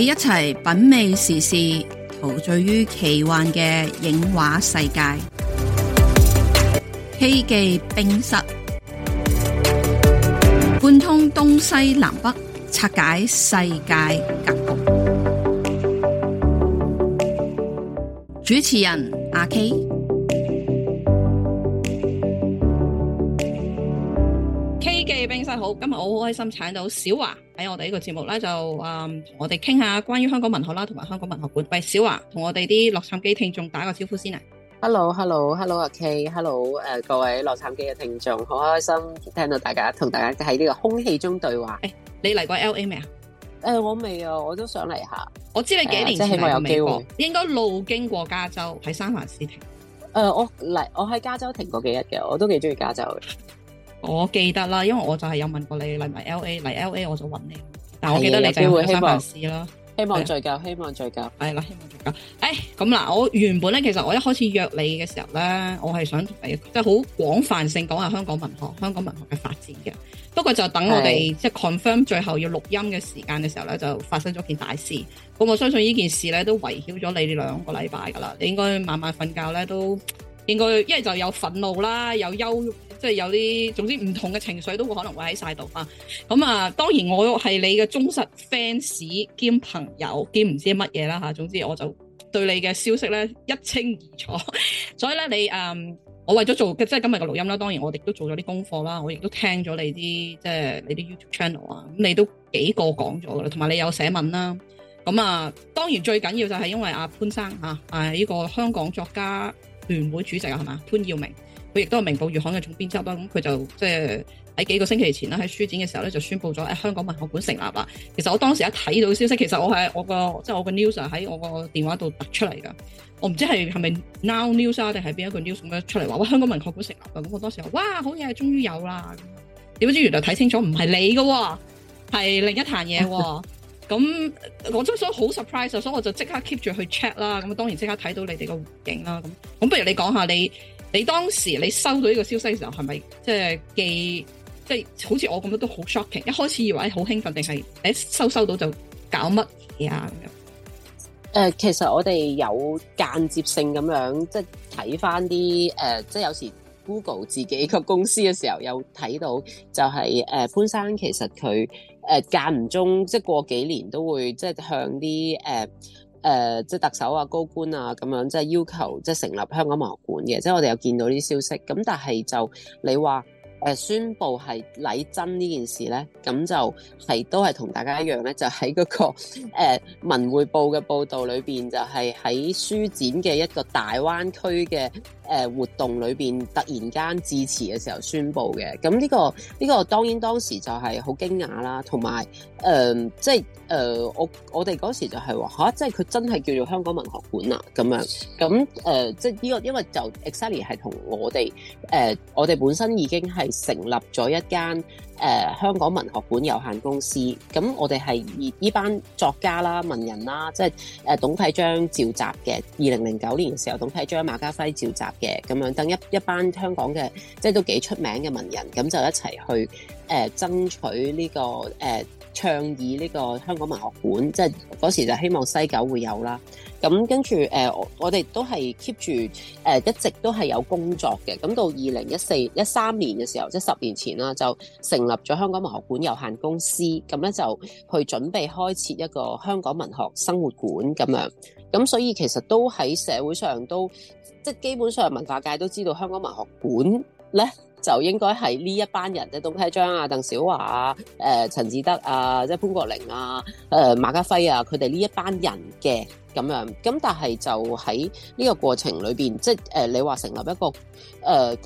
你一齊品味時事，陶醉於奇幻嘅影畫世界。K 記冰室，貫通東西南北，拆解世界格局。主持人阿 K，K 記冰室好，今日我好開心請到小樺。喺、哎、我哋呢個節目咧，就誒，嗯、我哋傾下關於香港文學啦，同埋香港文學館。喂，小華，同我哋啲洛杉磯聽眾打個招呼先啊！Hello，Hello，Hello，K，Hello，阿 hello, 誒 hello,、呃，各位洛杉磯嘅聽眾，好開心聽到大家同大家喺呢個空氣中對話。誒、哎，你嚟過 L A 未啊？誒、呃，我未啊，我都想嚟下。我知你幾年前嚟有美國，呃、會應該路經過加州喺三藩市停。誒、呃，我嚟，我喺加州停過幾日嘅，我都幾中意加州嘅。 我記得啦，因為我就係有問過你嚟唔嚟 L A，嚟 L A 我就揾你。但我記得你就會會希望試啦，希望聚舊是，希望聚舊，係啦，希望聚舊咁。嗱、哎，我原本咧，其實我一開始約你嘅時候咧，我係想同你，即係好廣泛性講下香港文學、香港文學嘅發展嘅。不過就等我哋的即係 confirm 最後要錄音嘅時間嘅時候咧，就發生咗件大事。咁我相信呢件事咧都圍繞咗你呢兩個禮拜噶啦。你應該晚晚瞓覺咧，都應該因為就有憤怒啦，有憂鬱。即係有啲，總之唔同嘅情緒都會可能會喺晒度啊！咁啊，當然我係你嘅忠實 fans 兼朋友兼唔知乜嘢啦吓，總之我就對你嘅消息咧一清二楚，所以咧你誒、嗯，我為咗做即係今日嘅錄音啦，當然我哋都做咗啲功課啦，我亦都聽咗你啲即係你啲 YouTube channel 啊，咁你都幾個講咗噶啦，同埋你有寫文啦，咁啊，當然最緊要就係因為阿潘生啊，係、這、呢個香港作家聯會主席啊，係嘛潘耀明。佢亦都係明報月刊嘅總編輯啦，咁佢就即係喺幾個星期前啦，喺書展嘅時候咧就宣布咗、哎、香港文學館成立啦。其實我當時一睇到消息，其實我係我個即係我個 news 喺我個電話度突出嚟噶。我唔知係係咪 now news 啊定係邊一個 news 咁、啊、樣出嚟話哇香港文學館成立啊！咁我當時哇好嘢，終於有啦。點知原來睇清楚唔係你噶，係另一壇嘢喎。咁 我真，所以好 surprise 所以我就即刻 keep 住去 check 啦。咁當然即刻睇到你哋個環境啦。咁咁不如你講下你。你當時你收到呢個消息嘅時候，係咪即係記即係好似我咁樣都好 shocking？一開始以為誒好興奮，定係誒收收到就搞乜嘢呀咁？誒、呃，其實我哋有間接性咁樣即係睇翻啲誒，即係、呃、有時 Google 自己個公司嘅時候有睇到、就係，就係誒潘生其實佢誒、呃、間唔中即係過幾年都會即係向啲誒。呃誒、呃，即係特首啊、高官啊咁樣，即係要求即係成立香港文學館嘅，即係我哋有見到呢啲消息。咁但係就你話誒、呃，宣布係禮真呢件事咧，咁就係都係同大家一樣咧，就喺嗰、那個、呃、文匯報嘅報導裏面，就係、是、喺書展嘅一個大灣區嘅，誒活動裏面突然間致辭嘅時候宣佈嘅，咁呢、這個呢、這個、當然當時就係好驚訝啦，同埋、呃、即係、呃、我我哋嗰時就係話嚇，即係佢真係叫做香港文學館啦咁樣，咁、嗯呃、即係、這、呢個因為就 exactly 係同我哋、呃、我哋本身已經係成立咗一間。誒、呃、香港文學館有限公司，咁我哋係呢依班作家啦、文人啦，即係董啟章召集嘅，二零零九年嘅時候董啟章、馬家輝召集嘅，咁樣等一一班香港嘅，即係都幾出名嘅文人，咁就一齊去誒、呃、爭取呢、這個誒倡、呃、議呢個香港文學館，即係嗰時就希望西九會有啦。咁跟住誒、呃，我我哋都係 keep 住誒、呃，一直都係有工作嘅。咁到二零一四一三年嘅時候，即係十年前啦，就成立咗香港文學館有限公司。咁咧就去準備開設一個香港文學生活館咁樣。咁所以其實都喺社會上都即係基本上文化界都知道香港文學館咧，就應該係呢一班人，即係董希章啊、鄧小樺啊、誒陳志德啊、即係潘國玲啊、誒、呃、馬家輝啊，佢哋呢一班人嘅。咁樣，咁但係就喺呢個過程裏邊，即係誒、呃、你話成立一個誒嗰、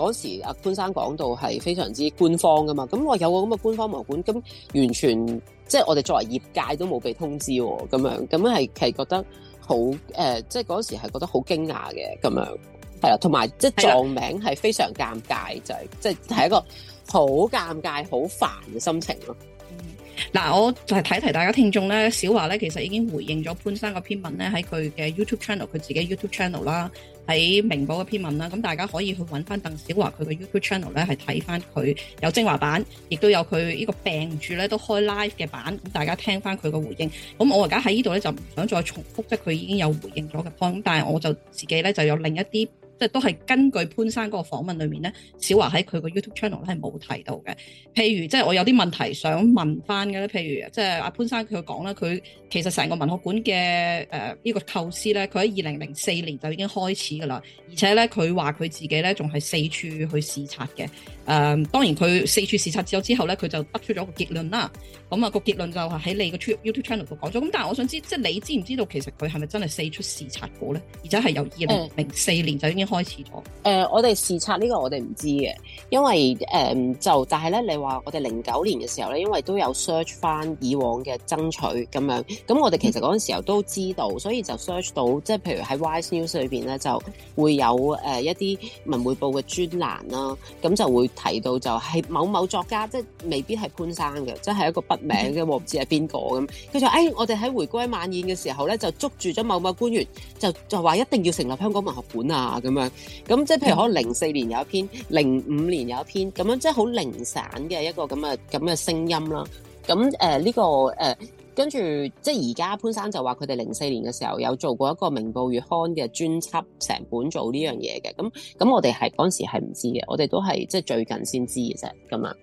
呃、時阿潘生講到係非常之官方噶嘛，咁、嗯、我有個咁嘅官方文館，咁完全即係我哋作為業界都冇被通知咁、哦、樣，咁樣係其實覺得好誒、呃，即係嗰時係覺得好驚訝嘅咁樣，係啦，同埋即係撞名係非常尷尬係嘅就係、係，即係係一個好尷尬、好煩嘅心情咯。嗱，我就係提一提大家聽眾咧，小華咧其實已經回應咗潘生個篇文咧，喺佢嘅 YouTube channel，佢自己 YouTube channel 啦，喺明報嘅篇文啦，咁大家可以去搵翻鄧小華佢嘅 YouTube channel 咧，係睇翻佢有精華版，亦都有佢呢個病住咧都開 live 嘅版，咁大家聽翻佢嘅回應。咁我而家喺呢度咧就唔想再重複，即係佢已經有回應咗嘅 point，但係我就自己咧就有另一啲。即係都係根據潘生嗰個訪問裏面咧，小華喺佢個 YouTube channel 咧係冇提到嘅。譬如即係我有啲問題想問翻嘅咧，譬如即係阿潘生佢講啦，佢其實成個文學館嘅誒呢個構思咧，佢喺二零零四年就已經開始㗎啦，而且咧佢話佢自己咧仲係四處去視察嘅。誒、um, 當然佢四處視察之後咧，佢就得出咗個結論啦。咁、嗯、啊、個結論就係喺你嘅 YouTube channel 度講咗。咁但係我想知，即係你知唔知道其實佢係咪真係四處視察過咧？而且係由二零零四年就已經開始咗。誒、嗯 呃，我哋視察呢個我哋唔知嘅，因為誒、呃、就但係咧，你話我哋零九年嘅時候咧，因為都有 search 翻以往嘅爭取咁樣，咁我哋其實嗰陣時候都知道， 所以就 search 到即係、就是、譬如喺 Wise News 裏邊咧就會有誒、呃、一啲文匯報嘅專欄啦，咁就會。提到就係某某作家，即係未必係潘生嘅，即係一個筆名嘅，嘅、 哎，我唔知係邊個咁。跟住誒，我哋喺回歸晚宴嘅時候咧，就捉住咗某某官員，就就話一定要成立香港文學館啊，咁樣。咁即係譬如可能零四年有一篇，零五年有一篇，咁樣即係好零散嘅一個咁嘅咁嘅聲音啦。咁誒呢個誒。呃跟住，即係而家潘生就話佢哋零四年嘅時候有做過一個《明報月刊》嘅專輯，成本做呢樣嘢嘅。咁咁，我哋係嗰陣時係唔知嘅，我哋都係即係最近先知嘅啫。咁樣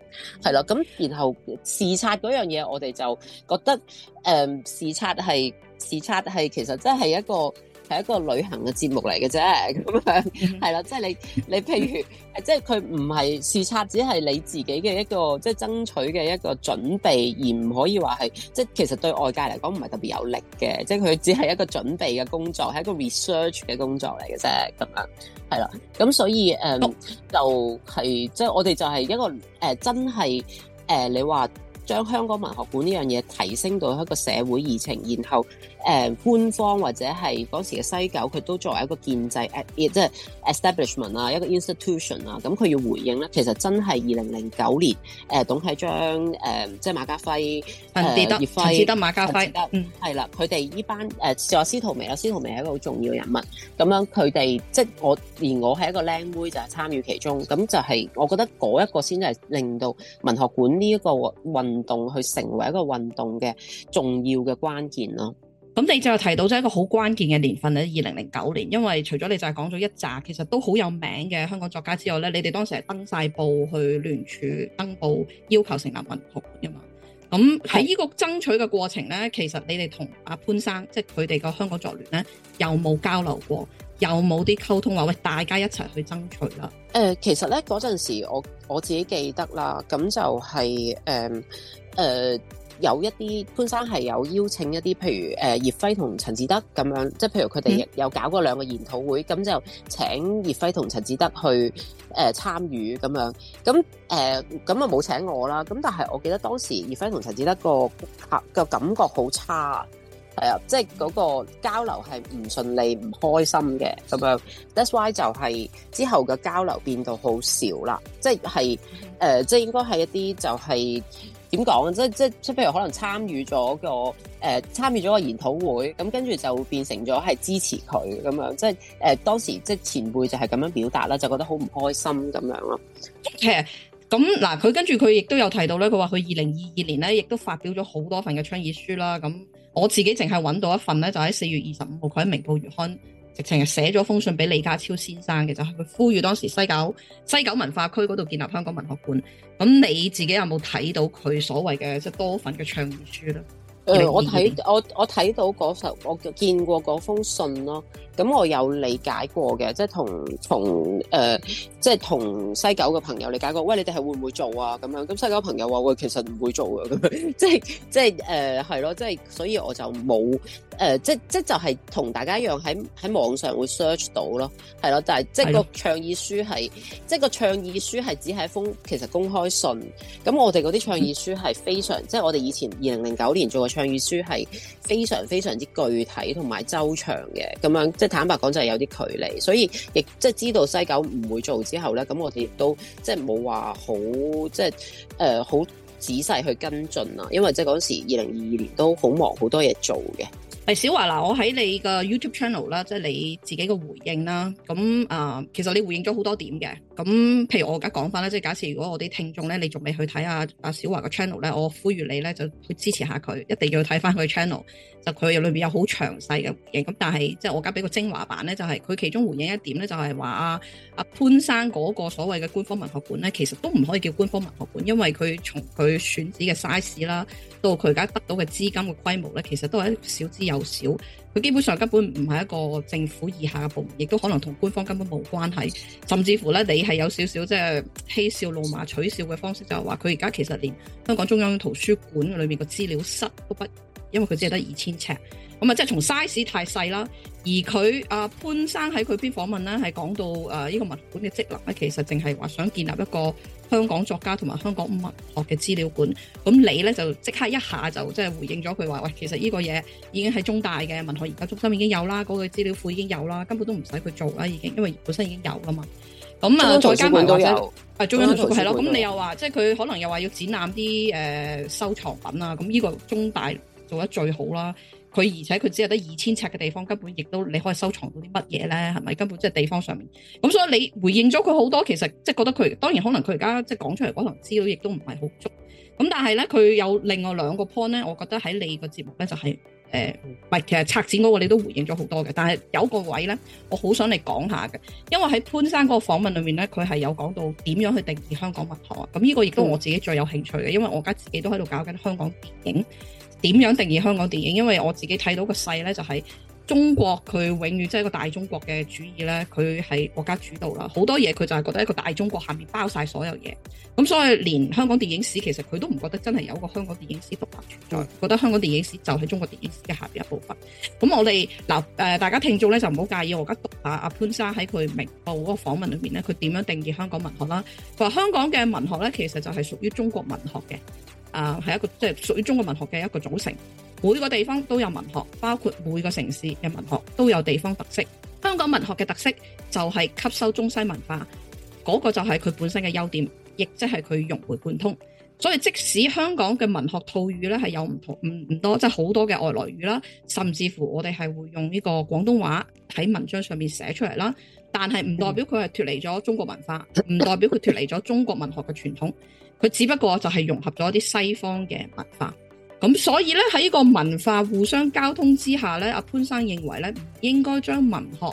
係啦。咁然後視察嗰樣嘢，我哋就覺得誒視察係視察係其實真係一個，係一個旅行嘅節目嚟嘅啫，咁樣係啦，即係、 就是、你你譬如，即係佢唔係視察，只係你自己嘅一個即係、就是、爭取嘅一個準備，而唔可以話係，即、就、係、是、其實對外界嚟講唔係特別有力嘅，即係佢只係一個準備嘅工作，係一個 research 嘅工作嚟嘅啫，咁樣係啦，咁所以誒、 um, 就係即係我哋就係一個誒、呃、真係誒、呃，你話將香港文學館呢樣嘢提升到一個社會議程，然後。誒官方或者係嗰時嘅西九，佢都作為一個建制誒，即係 establishment 啊，一個 institution 啊，咁佢要回應咧。其實真係二零零九年誒，董啟章誒、呃，即係馬家輝誒葉德馬家輝，嗯，係啦。佢哋呢班誒，我、呃、司徒梅啊，司徒梅係一個好重要嘅人物。咁樣佢哋即係我，而我係一個靚妹就係參與其中。咁就係我覺得嗰一個先係令到文學館呢一個運動去成為一個運動嘅重要嘅關鍵咯。咁你就提到咗一個好關鍵嘅年份咧，二零零九年，因為除咗你就係講咗一紮其實都好有名嘅香港作家之外咧，你哋當時係登晒報去聯署登報要求成立文學館噶嘛？咁喺呢個爭取嘅過程咧，其實你哋同阿潘生即係佢哋個香港作聯咧，又有冇交流過？又有冇啲溝通話喂，大家一齊去爭取啦？誒、呃，其實咧嗰陣時我我自己記得啦，咁就係誒誒。呃呃有一啲潘生係有邀請一啲，譬如誒、呃、葉輝同陳智德咁樣，即係譬如佢哋有搞過兩個研討會，咁、嗯、就請葉輝同陳智德去誒、呃、參與咁樣。咁誒咁啊冇請我啦。咁但係我記得當時葉輝同陳智德個客、啊、個感覺好差，係啊，即係嗰個交流係唔順利、唔開心嘅咁樣。是 That's why 就係之後嘅交流變到好少啦，即係誒，即、呃、係應該係一啲就係、是。點講？即即即譬如可能參與咗個誒參與咗個研討會，咁、嗯、跟住就變成咗係支持佢咁樣。即誒、呃、當時即前輩就係咁樣表達啦，就覺得好唔開心咁樣咯。其實，咁嗱，佢跟住佢亦都有提到咧，佢話佢二零二二年咧亦都發表咗好多份嘅倡議書啦。咁我自己淨係揾到一份咧，就喺四月二十五號佢喺《明報月刊》。直情係寫咗封信俾李家超先生嘅，就係佢呼籲當時西九，西九文化區嗰度建立香港文學館。咁你自己有冇睇到佢所謂嘅即多份嘅倡議書咧？誒，我睇我我睇到嗰時，我見過嗰封信咯。咁我有理解過嘅，即係同同誒，即係同西九嘅朋友理解過，喂，你哋係會唔會做啊？咁樣，咁西九嘅朋友話喂，其實唔會做嘅，咁樣，即係即係誒，係咯，即係、呃，所以我就冇誒、呃，即即就係同大家一樣喺喺網上會 search 到咯，係咯，但係即係個倡議書係，即係個倡議書係的只係一封其實公開信，咁我哋嗰啲倡議書係非常， 即係我哋以前二零零九年做嘅倡議書係非常非常之具體同埋周詳嘅，咁樣即。坦白講就係有啲距離，所以亦即係知道西九唔會做之後咧，咁我哋亦都即係冇話好即係誒好仔細去跟進啦，因為即係嗰時二零二二年都好忙好多嘢做嘅。誒小樺嗱，我喺你個 YouTube channel 啦，即係你自己嘅回應啦，咁啊、呃，其實你回應咗好多點嘅。咁譬如我而家講翻啦，即係假設如果我啲聽眾咧，你仲未去睇阿阿小華個 channel 咧，我呼籲你咧就去支持下佢，一定要睇翻佢 channel，就佢入裏邊有好詳細嘅回應。咁但係即係我而家俾個精華版咧，就係、是、佢其中回應一點咧，就係話阿阿潘生嗰個所謂嘅官方文學館咧，其實都唔可以叫官方文學館，因為佢從佢選址嘅 size 啦，到佢而家得到嘅資金嘅規模咧，其實都係少之又少。佢基本上根本唔係一個政府以下嘅部門，亦都可能同官方根本冇關係，甚至乎咧，你係有少少即係嬉笑怒罵取笑嘅方式，就係話佢而家其實連香港中央圖書館裏面個資料室都不，因為佢只係得二千尺，咁啊，即係從 size 太細啦。而佢阿潘生喺佢邊訪問咧，係講到誒呢個文學館嘅職能咧，其實淨係話想建立一個。香港作家同埋香港文學嘅資料館，咁你咧就即刻一下就即係回應咗佢話：喂，其實呢個嘢已經喺中大嘅文學研究中心已經有啦，嗰個資料庫已經有啦，根本都唔使佢做啦，已經因為本身已經有啦嘛。咁啊，文再加埋話喺中央圖書館，係咯有。咁你又話有即係佢可能又話要展覽啲誒收藏品啊？咁呢個中大做得最好啦。佢而且佢只有得二千尺嘅地方，根本亦都你可以收藏到啲乜嘢咧？係咪根本即係地方上面咁？所以你回應咗佢好多，其實即係覺得佢當然可能佢而家即係講出嚟，可能資料亦都唔係好足。咁但係咧，佢有另外兩個 point 咧，我覺得喺你個節目咧就係誒唔係其實拆展嗰個你都回應咗好多嘅。但係有個位咧，我好想你講下嘅，因為喺潘生嗰個訪問裏面咧，佢係有講到點樣去定義香港文學啊，咁呢個亦都我自己最有興趣嘅，因為我而家自己都喺度搞緊香港電影。點樣定義香港電影？因為我自己睇到個勢咧，就係中國佢永遠即係一個大中國嘅主義咧，佢係國家主導啦。好多嘢佢就係覺得一個大中國下面包晒所有嘢。咁所以連香港電影史其實佢都唔覺得真係有個香港電影史獨立存在，覺得香港電影史就係中國電影史嘅下邊一部分。咁我哋嗱誒，大家聽眾咧就唔好介意，我而家讀下阿潘生喺佢明報嗰個訪問裏面咧，佢點樣定義香港文學啦？佢話香港嘅文學咧，其實就係屬於中國文學嘅。啊，係一個即係、就是、屬於中國文學嘅一個組成，每個地方都有文學，包括每個城市嘅文學都有地方特色。香港文學嘅特色就係吸收中西文化，嗰、那個就係佢本身嘅優點，亦即係佢融會貫通。所以即使香港嘅文學套語呢係有唔同、唔唔多，即係好多嘅外來語啦，甚至乎我哋係會用呢個廣東話喺文章上面寫出嚟啦，但係唔代表佢係脱離咗中國文化，唔代表佢脱離咗中國文學嘅傳統。佢只不過就係融合咗啲西方嘅文化，咁所以呢，喺呢個文化互相交通之下呢，阿潘生認為呢，唔應該將文學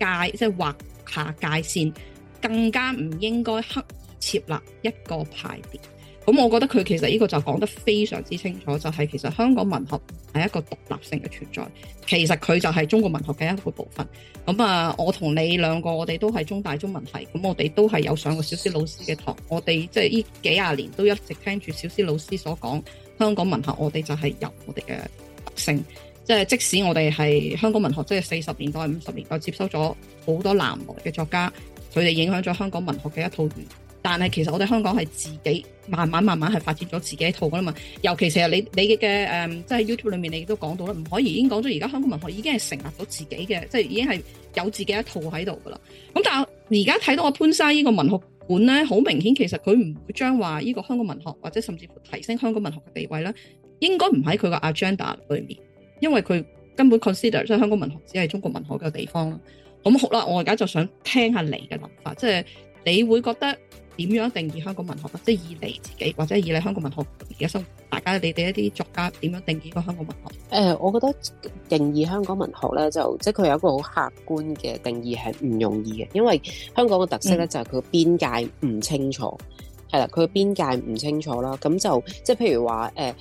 界即係劃下界線，更加唔應該刻意設立一個派別。咁我覺得佢其實呢個就講得非常之清楚，就係、是、其實香港文學係一個獨立性嘅存在。其實佢就係中國文學嘅一個部分。咁啊，我同你兩個，我哋都係中大中文系，咁我哋都係有上過小思老師嘅堂。我哋即係呢幾廿年都一直聽住小思老師所講香、就是、香港文學，我哋就係由我哋嘅特性。即係即使我哋係香港文學，即係四十年代、五十年代接收咗好多南來嘅作家，佢哋影響咗香港文學嘅一套原。但係其實我哋香港係自己慢慢慢慢係發展咗自己一套噶啦嘛，尤其成日你的你嘅誒、嗯，即係 YouTube 裏面你都講到啦，唔可以已經講咗，而家香港文學已經係成立咗自己嘅，即係已經係有自己一套喺度噶啦。咁、嗯、但係而家睇到我潘莎依個文學館咧，好明顯其實佢唔佢將話依個香港文學或者甚至乎提升香港文學嘅地位啦，應該唔喺佢個 agenda 裏面，因為佢根本 consider 即係香港文學只係中國文學嘅地方咯。咁好啦，我而家就想聽下你嘅諗法，即係你會覺得？點樣定義香港文學即係以嚟自己，或者以嚟香港文學而家，大家你哋一啲作家點樣定義個香港文學？誒、呃，我覺得定義香港文學呢，就即係佢有一個好客觀嘅定義係唔容易嘅，因為香港嘅特色呢，嗯、就係佢邊界唔清楚。係啦、嗯，佢嘅邊界唔清楚啦，咁就即係譬如話誒，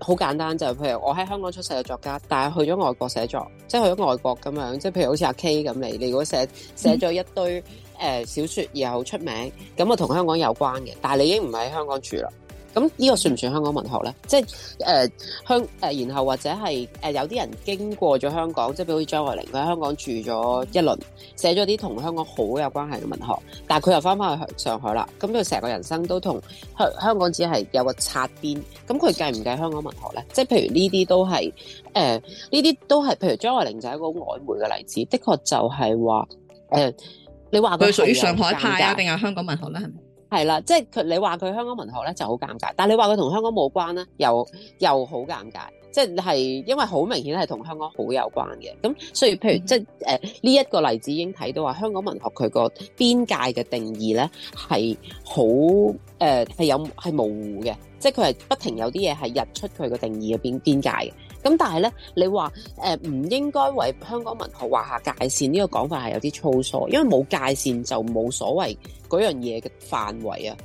好、呃、簡單就係、譬如我喺香港出世嘅作家，但係去咗外國寫作，即係去咗外國咁樣，即係譬如好似阿 K 咁嚟，你如果寫、嗯、寫咗一堆。誒、呃，小說又好出名，咁咪同香港有關嘅，但係你已經唔喺香港住啦。咁呢個算唔算香港文學呢？即係誒，香、呃、誒、呃，然後或者係誒、呃，有啲人經過咗香港，即係譬如好似張愛玲，佢喺香港住咗一輪，寫咗啲同香港好有關係嘅文學，但係佢又翻翻去上海啦。咁佢成個人生都同香香港只係有個擦邊，咁佢計唔計香港文學呢？即係譬如呢啲都係誒，呢、呃、啲都係，譬如張愛玲就係一個好曖昧嘅例子，的確就係話誒。呃你話佢屬於上海派啊，定係香港文學啦？係咪？係啦，即係佢你話佢香港文學咧就好尷尬，但係你話佢同香港冇關咧又又好尷尬，即係因為好明顯係同香港好有關嘅。咁所以譬如、嗯、即係誒呢一個例子已經睇到話香港文學佢個邊界嘅定義咧係好誒係有係模糊嘅，即係佢係不停有啲嘢係溢出佢個定義嘅邊邊界嘅。咁但係咧，你話呃，唔應該為香港文學畫下界線呢個講法係有啲粗疏，因為冇界線就冇所謂嗰樣嘢嘅範圍啊，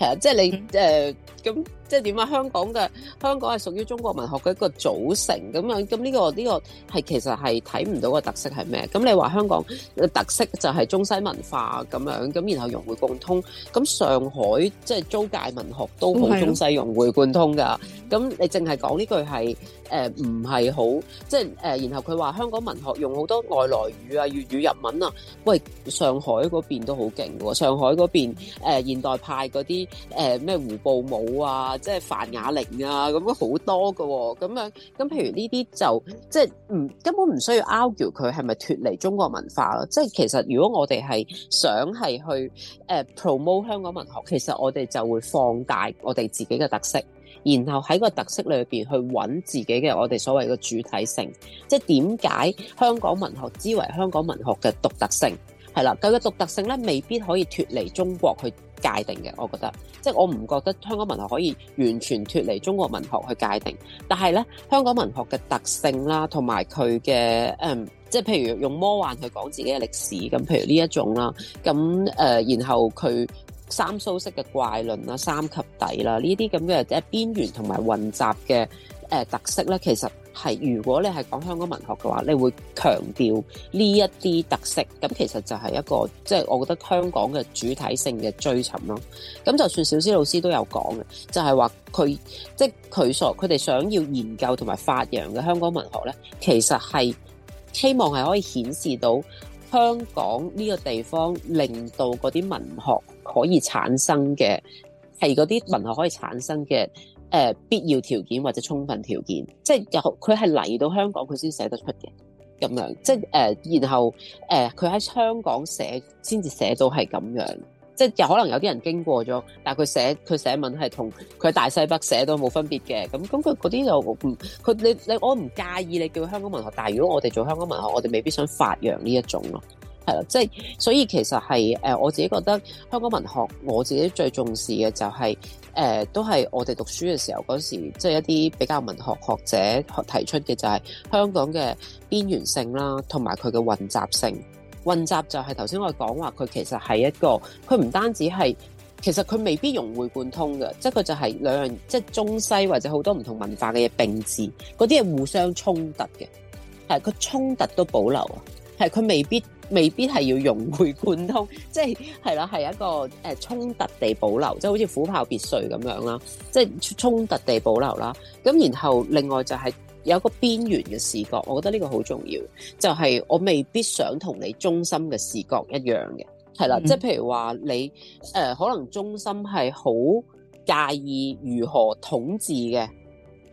係啊，即係你咁。嗯呃即係點啊？香港嘅香港係屬於中國文學嘅一個組成咁樣，咁呢、呢個呢、呢個係其實係睇唔到個特色係咩？咁你話香港嘅特色就係中西文化咁樣，咁然後融會貫通。咁上海即係、就是、租界文學都好中西融會貫通噶。咁、嗯啊、你淨係講呢句係誒唔係好即係誒、呃？然後佢話香港文學用好多外來語啊、粵語、日文啊。喂，上海嗰邊都好勁喎，上海嗰邊誒、呃、現代派嗰啲誒咩狐步舞啊？即係范雅玲啊，咁樣好多噶、哦，咁樣咁譬如呢啲就即係唔根本唔需要 argue 佢係咪脱離中國文化咯？即係其實如果我哋係想係去誒、呃、promote 香港文學，其實我哋就會放大我哋自己嘅特色，然後喺個特色裏邊去揾自己嘅我哋所謂嘅主體性。即係點解香港文學之為香港文學嘅獨特性？係啦，佢嘅獨特性咧，未必可以脱離中國去。界定嘅，我覺得，即係我唔覺得香港文學可以完全脫離中國文學去界定，但係呢，香港文學嘅特性啦，同埋佢嘅誒，即係譬如用魔幻去講自己嘅歷史，咁譬如呢一種啦，咁誒、呃，然後佢三蘇式嘅怪論啦，三及第啦，呢啲咁嘅即係邊緣同埋混雜嘅。誒特色咧，其實係如果你係講香港文學嘅話，你會強調呢一啲特色。咁其實就係一個，即係我覺得香港嘅主體性嘅追尋咯。咁就算小思老師都有講嘅，就係話佢即係佢所佢哋想要研究同埋發揚嘅香港文學咧，其實係希望係可以顯示到香港呢個地方，令到嗰啲文學可以產生嘅，係嗰啲文學可以產生嘅。誒、呃、必要條件或者充分條件，即係佢佢係嚟到香港佢先寫得出嘅，咁樣即係誒、呃，然後誒佢喺香港寫先至寫到係咁樣，即係又可能有啲人經過咗，但係佢寫佢寫文係同佢喺大西北寫都冇分別嘅，咁咁佢嗰啲就唔佢你你我唔介意你叫香港文學，但係如果我哋做香港文學，我哋未必想發揚呢一種咯。係咯，即係所以其實係誒，我自己覺得香港文學我自己最重視嘅就係誒，都係我哋讀書嘅時候嗰時，即係一啲比較文學學者提出嘅就係香港嘅邊緣性啦，同埋佢嘅混雜性。混雜就係頭先我講話，佢其實係一個佢唔單止係，其實佢未必融會貫通嘅，即係佢就係兩樣即係中西或者好多唔同文化嘅嘢並置嗰啲嘢，互相衝突嘅係佢衝突都保留啊，係佢未必。未必係要融會貫通，即係係啦，係一個誒衝、呃、突地保留，即係好似虎豹別墅咁樣啦，即係衝突地保留啦。咁然後另外就係有一個邊緣嘅視角，我覺得呢個好重要。就係、是、我未必想同你中心嘅視角一樣嘅，係啦，嗯、即係譬如話你誒、呃、可能中心係好介意如何統治嘅。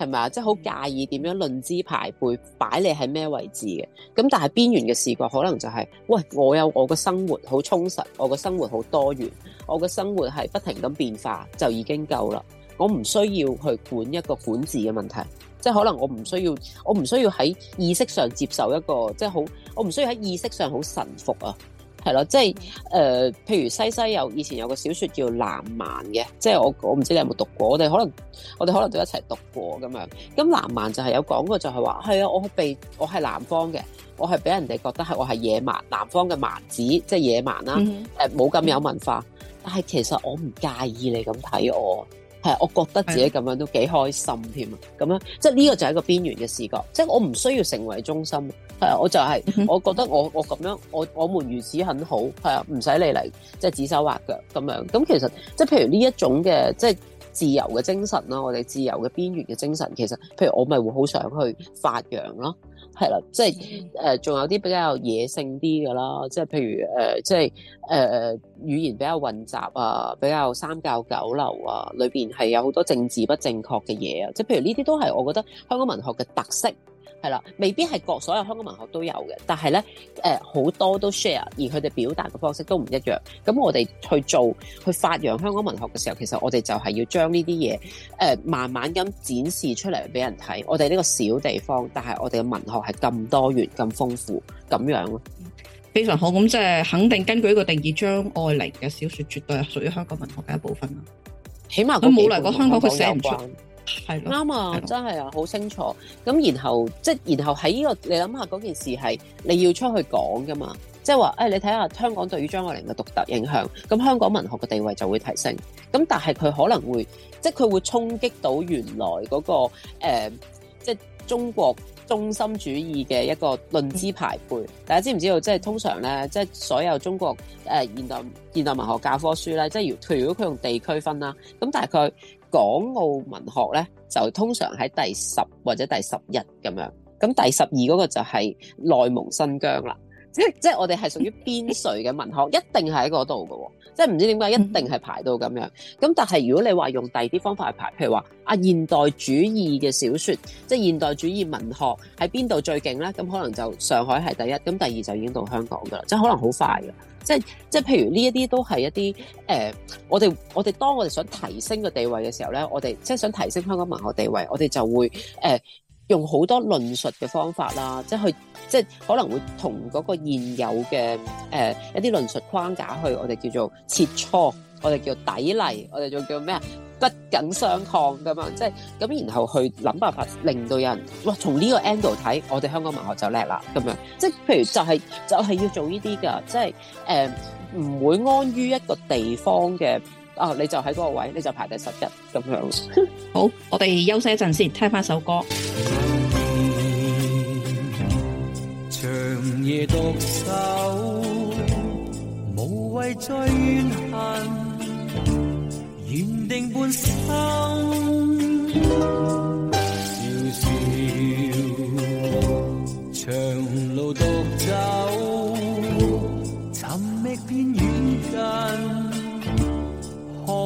係咪啊？即係好介意點樣論資排輩，擺你喺咩位置嘅？咁但係邊緣嘅視角可能就係、是，喂！我有我嘅生活好充實，我嘅生活好多元，我嘅生活係不停咁變化，就已經夠啦。我唔需要去管一個管治嘅問題，即係可能我唔需要，我唔需要喺意識上接受一個即係好，我唔需要喺意識上好臣服啊。係咯，即係，誒、呃，譬如西西有以前有個小說叫《南蠻》嘅，即係我我唔知你有冇讀過，我哋可能我哋可能都一齊讀過咁樣。咁《南蠻》就係有講過，就係話，係啊，我被我係南方嘅，我係俾人哋覺得係我係野蠻南方嘅蠻子，即係野蠻啦、啊，誒、mm，冇、hmm，咁有文化，但係其實我唔介意你咁睇我。係，我覺得自己咁樣都幾開心添啊！咁樣即係呢個就係一個邊緣嘅視角，即係我唔需要成為中心。係啊，我就係、是、我覺得我我咁樣，我我們如此很好，係啊，唔使你嚟即係指手畫腳咁樣。咁其實即係譬如呢一種嘅即係自由嘅精神啦，我哋自由嘅邊緣嘅精神，其實譬如我咪會好想去發揚咯。係啦，即係誒，仲有啲比較野性啲嘅啦，即係譬如誒，即係誒，語言比較混雜啊，比較三教九流啊，裏邊係有好多政治不正確嘅嘢啊，即係譬如呢啲都係我覺得香港文學嘅特色。係啦，未必係各所有香港文學都有嘅，但係咧，誒、呃、好多都 share，而佢哋表達嘅方式都唔一樣。咁我哋去做去發揚香港文學嘅時候，其實我哋就係要將呢啲嘢誒慢慢咁展示出嚟俾人睇。我哋呢個小地方，但係我哋嘅文學係咁多元、咁豐富咁樣咯，啊。非常好，咁即係肯定根據呢個定義，張愛玲嘅小說絕對係屬於香港文學嘅一部分啦，啊。起碼佢冇嚟過香港，佢寫唔出。係啱！啊，的真係啊，好清楚。咁然後即係、就是、然後喺呢、這個，你諗下嗰件事係你要出去講㗎嘛？即係話誒，你睇下香港對於張愛玲嘅獨特影響，咁香港文學嘅地位就會提升。咁但係佢可能會即係佢會衝擊到原來嗰、那個誒，即、呃、係、就是、中國中心主義嘅一個論資排輩。嗯、大家知唔知道？即、就、係、是、通常咧，即、就、係、是、所有中國誒、呃、現代現代文學教科書咧，即、就、係、是、如如果佢用地區分啦，咁但係佢。港澳文學呢就通常喺第十或者第十一咁樣，咁第十二嗰個就係內蒙新疆啦。 即即我哋係屬於邊陲嘅文學，一定係喺嗰度嘅喎。即唔知點解，一定係排到咁樣。咁但係如果你話用第二啲方法去排，譬如話啊現代主義嘅小說，即現代主義文學喺邊度最勁呢？咁可能就上海係第一，咁第二就已經到香港噶啦。即可能好快嘅。即即譬如呢一啲都係一啲誒，我哋我哋當我哋想提升個地位嘅時候呢，我哋即想提升香港文學地位，我哋就會誒。呃用好多論述嘅方法啦，即係去，即係可能會同嗰個現有嘅誒、呃、一啲論述框架去，我哋叫做切磋，我哋叫砥礪，我哋就叫咩啊？不緊相抗咁啊！即係咁，然後去諗辦法令到有人哇，從呢個角度睇，我哋香港文學就叻啦咁樣。即係譬如就係、是、就係、是、要做呢啲㗎，即係誒唔會安於一個地方嘅。啊、哦！你就喺嗰個位，你就排第十一咁樣。 好，我哋休息一陣先，聽翻首歌。長夜獨守，無謂再怨恨，緣定半生，笑笑。長路獨走，尋覓遍遠近。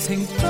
情。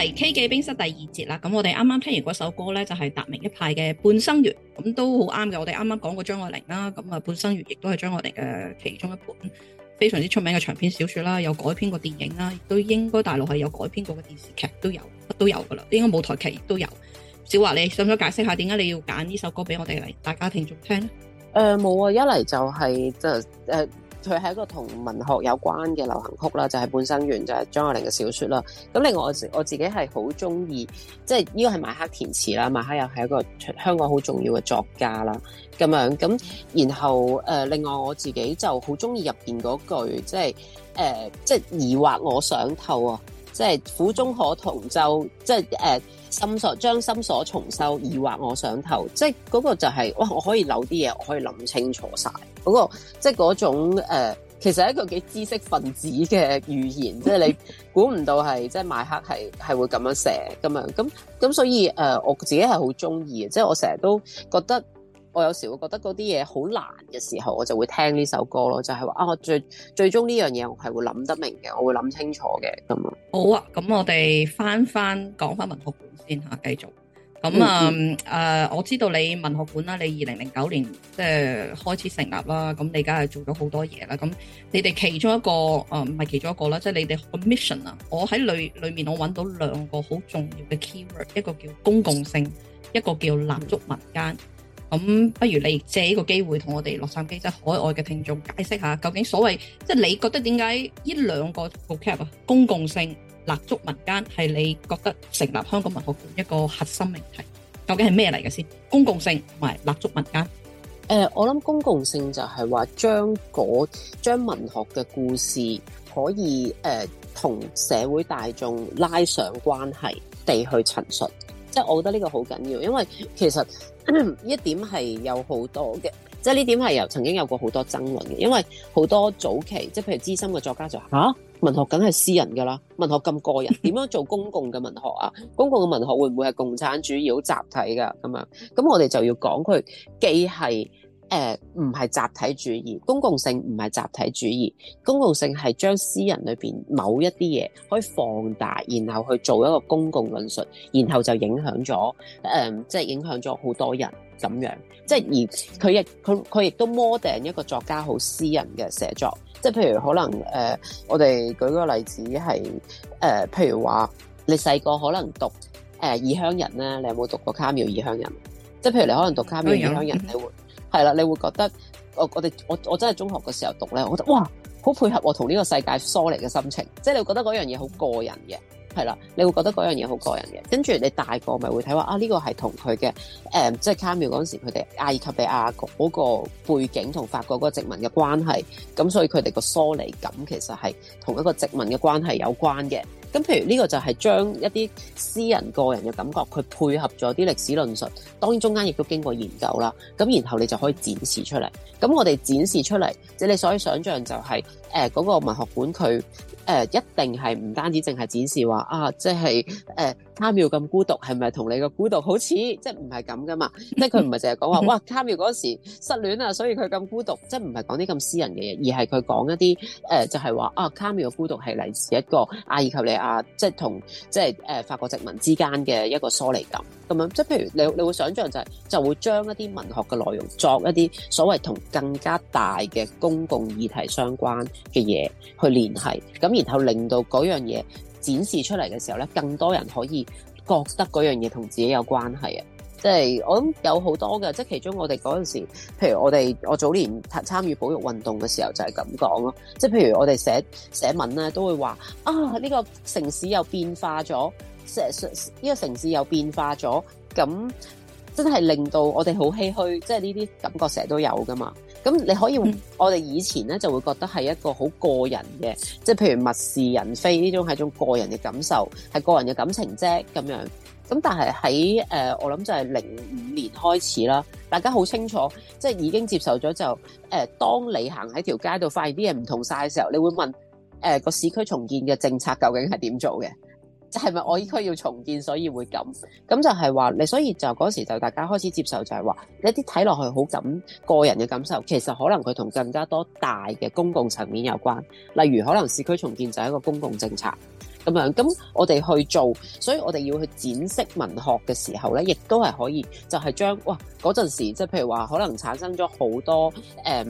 係 K 記冰室第二節啦，咁我哋啱啱聽完嗰首歌咧，就係、是、達明一派嘅《半生緣》，咁都好啱嘅。我哋啱啱講過張愛玲啦，咁啊，《半生緣》亦都係張愛玲嘅其中一本非常之出名嘅長篇小說啦，有改編過電影啦，亦都應該大陸係有改編過嘅電視劇都有，乜都有噶啦，應該舞台劇都有。小華，你想唔想解釋下點解你要揀呢首歌俾我哋嚟大家聽眾聽咧？誒、呃，冇啊，一嚟就係就誒。呃佢係一個同文學有關嘅流行曲啦，就係半生緣，就係張愛玲嘅小說啦。咁另外我我自己係好中意，即係呢個係麥克填詞啦，麥克又係一個香港好重要嘅作家啦。咁樣咁，然後誒、呃，另外我自己就好中意入邊嗰句，即係誒、呃，即係疑惑，我想透啊。即係苦中可同舟，即係誒心所將心所重修，以惑我上頭，即係嗰個就係、是、哇，我可以諗啲嘢，我可以諗清楚晒。那個」嗰個即係嗰種、呃、其實係一個幾知識分子嘅語言。即、就、係、是、你估唔到係即係邁克係係會咁樣寫咁樣咁咁，所以誒、呃、我自己係好中意嘅。即、就、係、是、我成日都覺得。我有時會覺得嗰啲嘢好難嘅時候，我就會聽呢首歌咯，就係、是、話啊，我最最終呢樣嘢我係會諗得明嘅，我會諗清楚嘅，咁好啊，咁我哋翻翻講翻文學館先嚇、啊，繼續咁、嗯嗯、啊，誒，我知道你文學館啦，你二零零九年即係、就是、開始成立啦，咁你而家係做咗好多嘢啦，咁你哋其中一個啊，唔係其中一個啦，即、就、係、是、你哋個 mission 啊，我喺裏裏面我揾到兩個好重要嘅 keyword，一個叫公共性，一個叫立足民間。嗯咁不如你借呢個機會同我哋洛杉磯即係、就是、海外嘅聽眾解釋下，究竟所謂即係、就是、你覺得點解呢兩個局 cap 啊？公共性、立足民間係你覺得成立香港文學館一個核心命題，究竟係咩嚟嘅先？公共性同埋立足民間，誒、呃，我諗公共性就係話將嗰將文學嘅故事可以誒、呃、同社會大眾拉上關係地去陳述，即、就、係、是、我覺得呢個好緊要，因為其實。一點係有好多嘅，即係呢點係由曾經有過好多爭論嘅，因為好多早期即係譬如資深嘅作家就話，啊，文學梗係私人噶啦，文學咁個人，點樣做公共嘅文學啊？ 公共嘅文學會唔會係共產主義好集體噶咁樣？咁我哋就要講佢既係。誒唔係集體主義，公共性唔係集體主義。公共性係將私人裏邊某一啲嘢可以放大，然後去做一個公共論述，然後就影響咗誒，即係影響咗好多人咁樣。即係而佢亦佢佢亦都摩定一個作家好私人嘅寫作。即係譬如可能誒、呃，我哋舉個例子係誒、呃，譬如話你細個可能讀誒異鄉人啦，你有冇讀過卡繆異鄉人？即係譬如你可能讀卡繆異鄉人，如你會。係啦，你會覺得我我哋我我真係中學嘅時候讀咧，我覺得哇好配合我同呢個世界疏離嘅心情，即係你會覺得嗰樣嘢好個人嘅，係啦，你會覺得嗰樣嘢好個人嘅。跟住你大個咪會睇話啊，呢、這個係同佢嘅誒，即係卡繆嗰陣時佢哋阿爾及利亞嗰個背景同法國嗰個殖民嘅關係，咁所以佢哋個疏離感其實係同一個殖民嘅關係有關嘅。咁譬如呢個就係將一啲私人個人嘅感覺，佢配合咗啲歷史論述，當然中間亦都經過研究啦。咁然後你就可以展示出嚟。咁我哋展示出嚟，即係你所以想象，就係誒，嗰個文學館佢誒，一定係唔單止淨係展示話啊，即係誒卡妙咁孤獨係咪同你嘅孤獨好似？即係唔係咁噶嘛？ 即係佢唔係淨係講話哇卡妙嗰時失戀啊，所以佢咁孤獨，即係唔係講啲咁私人嘅嘢，而係佢講一啲誒、呃、就係、是、話啊卡妙嘅孤獨係嚟自一個阿爾及利亞啊，即係同即係誒、呃，法國殖民之間嘅一個疏離感，咁樣，即係譬如你，你會想象就係、是、就會將一啲文學嘅內容作一啲所謂同更加大嘅公共議題相關嘅嘢去聯繫，咁然後令到嗰樣嘢展示出嚟嘅時候咧，更多人可以覺得嗰樣嘢同自己有關係啊。即係、就是、我諗有好多嘅，即係其中我哋嗰陣時，譬如我哋我早年參與保育運動嘅時候就係咁講咯。即係譬如我哋寫寫文呢，都會話啊，呢、這個城市又變化咗，呢、這個城市又變化咗，咁。真係令到我哋好唏噓，即係呢啲感覺成日都有噶嘛？咁你可以，嗯、我哋以前咧就會覺得係一個好個人嘅，即係譬如物是人非呢種係一種個人嘅感受，係個人嘅感情啫咁樣。咁但係喺誒，我諗就係零五年開始啦，大家好清楚，即係已經接受咗就誒、呃，當你行喺條街度發現啲嘢唔同晒嘅時候，你會問誒個、呃、市區重建嘅政策究竟係點做嘅？就係咪我依區要重建，所以會咁？咁就係話你，所以就嗰時就大家開始接受就，就係話一啲睇落去好感個人嘅感受，其實可能佢同更加多大嘅公共層面有關，例如可能市區重建就係一個公共政策。咁樣，咁我哋去做，所以我哋要去展釋文學嘅時候咧，亦都係可以就，就係將哇嗰陣時即係譬如話可能產生咗好多誒誒、呃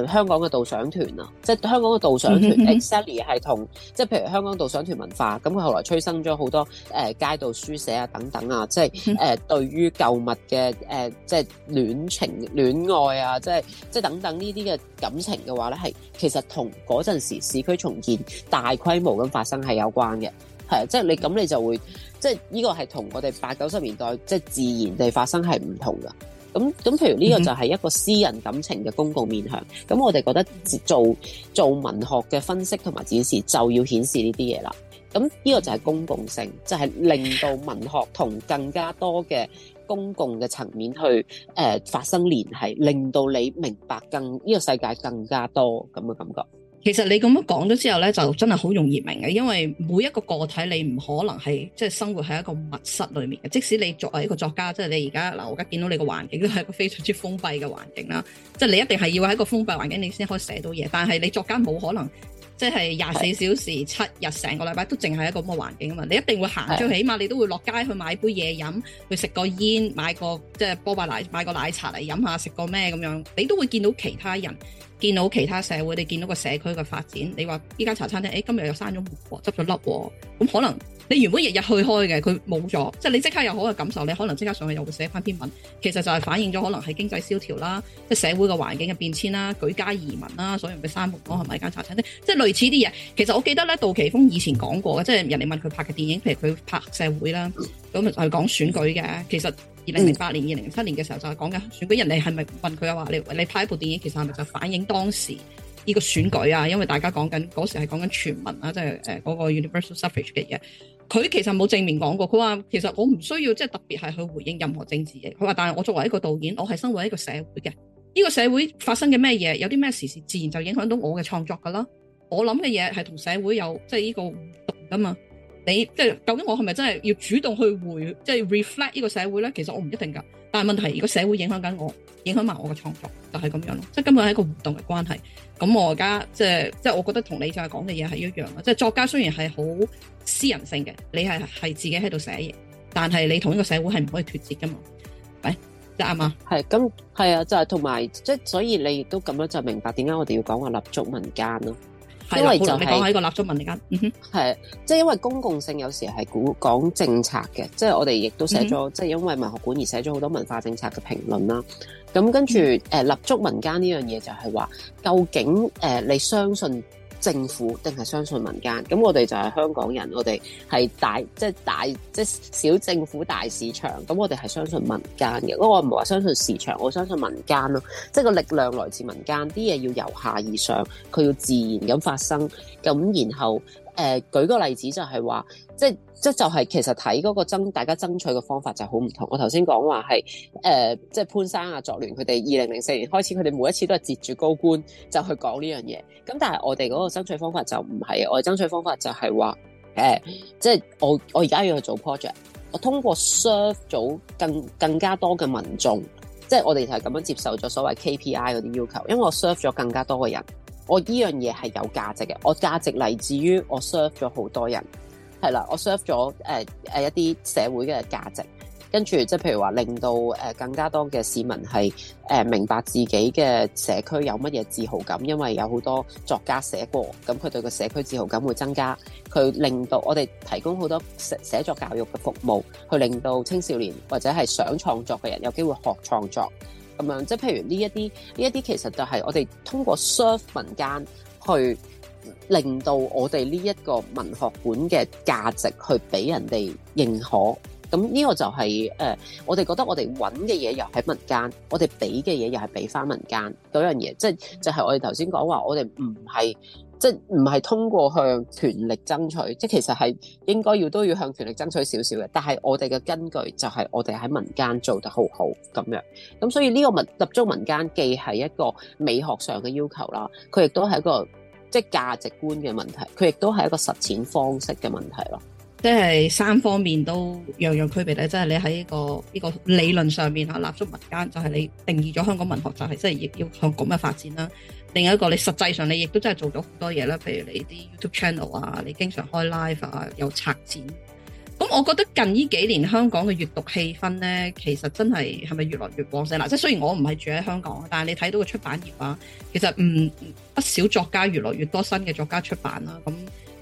呃、香港嘅導賞團啊，即係香港嘅導賞團 Exactly 係同，即係譬如香港導賞團文化，咁佢後來催生咗好多誒、呃、街道書寫啊等等啊，即係誒、呃、對於舊物嘅誒、呃、即係戀情戀愛啊，即係即係等等呢啲嘅感情嘅話咧，係其實同嗰陣時市區重建大規模咁發生係。係有關嘅。係即係你咁，你就會即係呢個係同我哋八九十年代，即係、就是、自然地發生係唔同噶。咁咁，譬如呢個就係一個私人感情嘅公共面向。咁我哋覺得做做文學嘅分析同埋展示，就要顯示呢啲嘢啦。咁呢個就係公共性，就係、是、令到文學同更加多嘅公共嘅層面去誒、呃、發生聯繫，令到你明白更呢、這個世界更加多咁嘅感覺。其實你咁樣講咗之後咧，就真係好容易明嘅，因為每一個個體你唔可能係即係生活喺一個密室裏面嘅。即使你作為一個作家，即係你而家嗱，我而家見到你個環境都係一個非常之封閉嘅環境啦，即係你一定係要喺個封閉環境你先可以寫到嘢，但係你作家冇可能。即係廿四小時七的日成個禮拜都淨係一個咁嘅環境啊嘛！你一定會行，最的起碼你都會落街去買杯嘢飲，去食個煙，買個即係波霸奶，買個奶茶嚟飲下，食個咩咁樣，你都會見到其他人，見到其他社會，你見到個社區嘅發展。你話呢間茶餐廳，誒、哎、今日又閂咗門喎，執咗笠喎，咁可能。你原本日日去開嘅，佢冇咗，即係你即刻有好嘅感受，你可能即刻上去又會寫返篇文，其實就係反映咗可能係經濟蕭條啦，即係社會嘅環境嘅變遷啦，舉家移民啦，所有唔會閂門咯，係咪一間茶餐廳？即係類似啲嘢。其實我記得咧，杜琪峰以前講過嘅，即係人哋問佢拍嘅電影，譬如佢拍《黑社會》啦，咁就係講選舉嘅。其實二零零八年，二零零七年嘅時候就係講緊選舉人。人哋係咪問佢話你？你拍一部電影，其實係咪就反映當時呢個選舉啊？因為大家講緊嗰時係講緊全民啊，即係誒個 universal suffrage 嘅嘢。佢其實冇正面講過，佢話其實我唔需要即係特別係去回應任何政治嘢。佢話，但係我作為一個導演，我係生活喺一個社會嘅，呢個社會發生嘅咩嘢，有啲咩時事，自然就影響到我嘅創作噶啦。我諗嘅嘢係同社會有即係呢個互動噶嘛。你即係究竟我係咪真係要主動去回即係、就是、reflect 呢個社會咧？其實我唔一定噶，但係問題如果社會影響緊我，影響埋我嘅創作，就係、是、咁樣咯。即係根本係一個互動嘅關係。咁我而家即係即係我覺得同你正係講嘅嘢係一樣咯。即係作家雖然係好私人性嘅，你係係自己喺度寫嘢，但係你同呢個社會係唔可以脫節噶嘛？係即係啱啊。係咁係啊，就係同埋即係所以你亦都咁樣就明白點解我哋要講話立足民間咯。因為就係你講下呢個立足民間，係，即、就、係、是、因為公共性有時係講政策嘅，即、就、係、是、我哋亦都寫咗，即係、嗯、哼因為文學館而寫咗好多文化政策嘅評論啦。咁跟住，誒、嗯哼呃，立足民間呢樣嘢，就係話，究竟誒、呃，你相信？政府定係相信民間，咁我哋就係香港人，我哋係大即係、就是、大即係、就是、小政府大市場，咁我哋係相信民間嘅。咁我唔係話相信市場，我相信民間咯，即係個力量來自民間，啲嘢要由下而上，佢要自然咁發生。咁然後誒、呃，舉個例子就係話，即係、就係。即就係其實睇嗰個爭，大家爭取嘅方法就好唔同。我頭先講話係誒，即潘生啊、作聯佢哋二零零四年開始，佢哋每一次都係截住高官就去講呢樣嘢。咁但係我哋嗰個爭取方法就唔係，我哋爭取方法就係話誒，即我我而家要去做 project，我通過 serve 咗更更加多嘅民眾，即我哋就係咁樣接受咗所謂 KPI 嗰啲要求，因為我 serve 咗更加多嘅人，我呢樣嘢係有價值嘅，我價值嚟自於我 serve 咗好多人。係啦，我 serve 咗誒誒一啲社會嘅價值，跟住即係譬如話令到誒更加多嘅市民係誒明白自己嘅社區有乜嘢自豪感，因為有好多作家寫過，咁佢對個社區自豪感會增加。佢令到我哋提供好多寫作教育嘅服務，去令到青少年或者係想創作嘅人有機會學創作咁樣。即係譬如呢一啲呢一啲，其實就係我哋通過 serve 民間去。令到我哋呢一個文學館嘅價值去俾人哋認可，咁呢個就係、是、誒、呃，我哋覺得我哋搵嘅嘢，又喺民間，我哋俾嘅嘢又係俾翻民間嗰樣嘢，即係就係、是、我哋頭先講話，我哋唔係即係唔係通過向權力爭取，即係其實係應該要都要向權力爭取少少嘅，但係我哋嘅根據就係我哋喺民間做得好好咁樣，咁所以呢個立足民間既係一個美學上嘅要求啦，佢亦都係一個。即係價值觀嘅問題，佢亦都係一個實踐方式嘅問題咯。即係三方面都樣樣區別咧，即係你喺、呢個呢、呢個理論上面啊，立足民間就係、係、你定義咗香港文學就係即係要要向咁嘅發展啦。另一個你實際上你亦都真係做咗好多嘢啦，譬如你啲 YouTube channel 啊，你經常開 live 啊，有策展。咁，我覺得近呢幾年香港嘅閱讀氣氛呢，其實真係係咪越來越旺盛啦？即係雖然我唔係住喺香港，但係你睇到個出版業啊，其實唔不少作家，越來越多新嘅作家出版啦。咁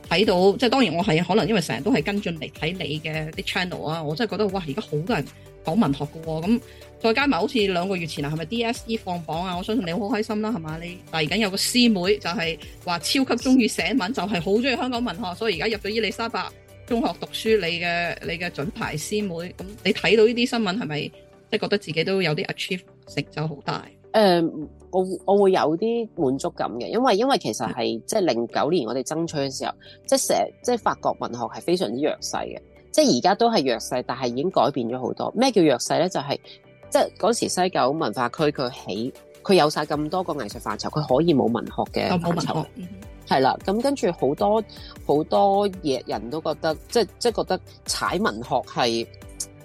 睇到即係當然我，我係可能因為成日都係跟進嚟睇你嘅啲 channel 啊，我真係覺得哇！而家好多人講文學嘅喎，咁再加埋好似兩個月前啊，係咪 DSE 放榜啊？我相信你好開心啦，係嘛？你但而家有個師妹就係話超級中意寫文，就係好中意香港文學，所以而家入咗伊利沙伯，中學讀書，你嘅你嘅準牌師妹，咁你睇到呢啲新聞是不是，係咪即係覺得自己都有啲 achieve 成就好大？誒、呃，我我會有啲滿足感嘅，因為因為其實係、嗯、即係零九年我哋爭取嘅時候，即係成即係法國文學係非常之弱勢嘅，即係而家都係弱勢，但係已經改變咗好多。咩叫弱勢咧？就係、是、即係嗰時西九文化區佢起，佢有晒咁多個藝術範疇，佢可以冇文學嘅冇文學。嗯係啦，咁跟住好多好多嘢人都覺得，即即覺得踩文學係，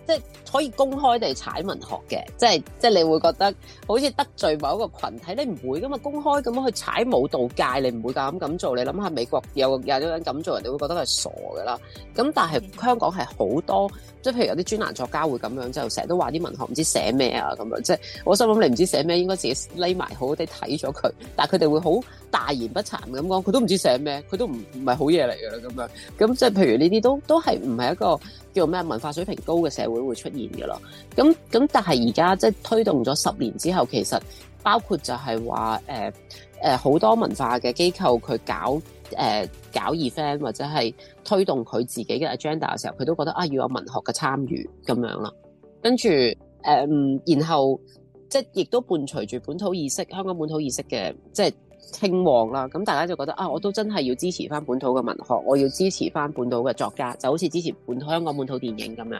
即可以公開地踩文學嘅，即即你會覺得好似得罪某一個群體，你唔會噶嘛？公開咁樣去踩舞蹈界，你唔會咁咁做。你諗下美國有有啲人咁做，人哋會覺得係傻噶啦。咁但係香港係好多，即譬如有啲專欄作家會咁樣，就成日都話啲文學唔知寫咩啊咁樣。即我心諗你唔知寫咩，應該自己匿埋好啲睇咗佢，但係佢哋會好。大言不慚咁講，佢都唔知寫咩，佢都唔唔係好嘢嚟嘅咁樣。咁即係譬如呢啲都都係唔係一個叫做咩文化水平高嘅社會會出現嘅咯？咁咁但係而家即係推動咗十年之後，其實包括就係話誒誒好多文化嘅機構佢搞誒、呃、搞 event 或者係推動佢自己嘅 agenda 嘅時候，佢都覺得啊要有文學嘅參與咁樣啦。跟住誒、呃，然後即係亦都伴隨住本土意識，香港本土意識嘅即係。興旺啦，咁大家就覺得啊，我都真係要支持翻本土嘅文學，我要支持翻本土嘅作家，就好似支持本土香港本土電影咁樣，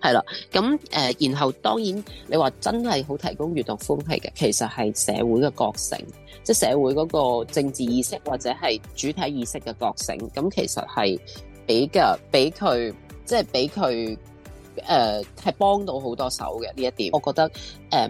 係啦。咁誒、呃，然後當然你話真係好提供閱讀風氣嘅，其實係社會嘅覺醒，即係社會嗰個政治意識或者係主體意識嘅覺醒。咁其實係俾嘅，俾佢即係俾佢誒係幫到好多手嘅呢一點，我覺得誒呢、呃、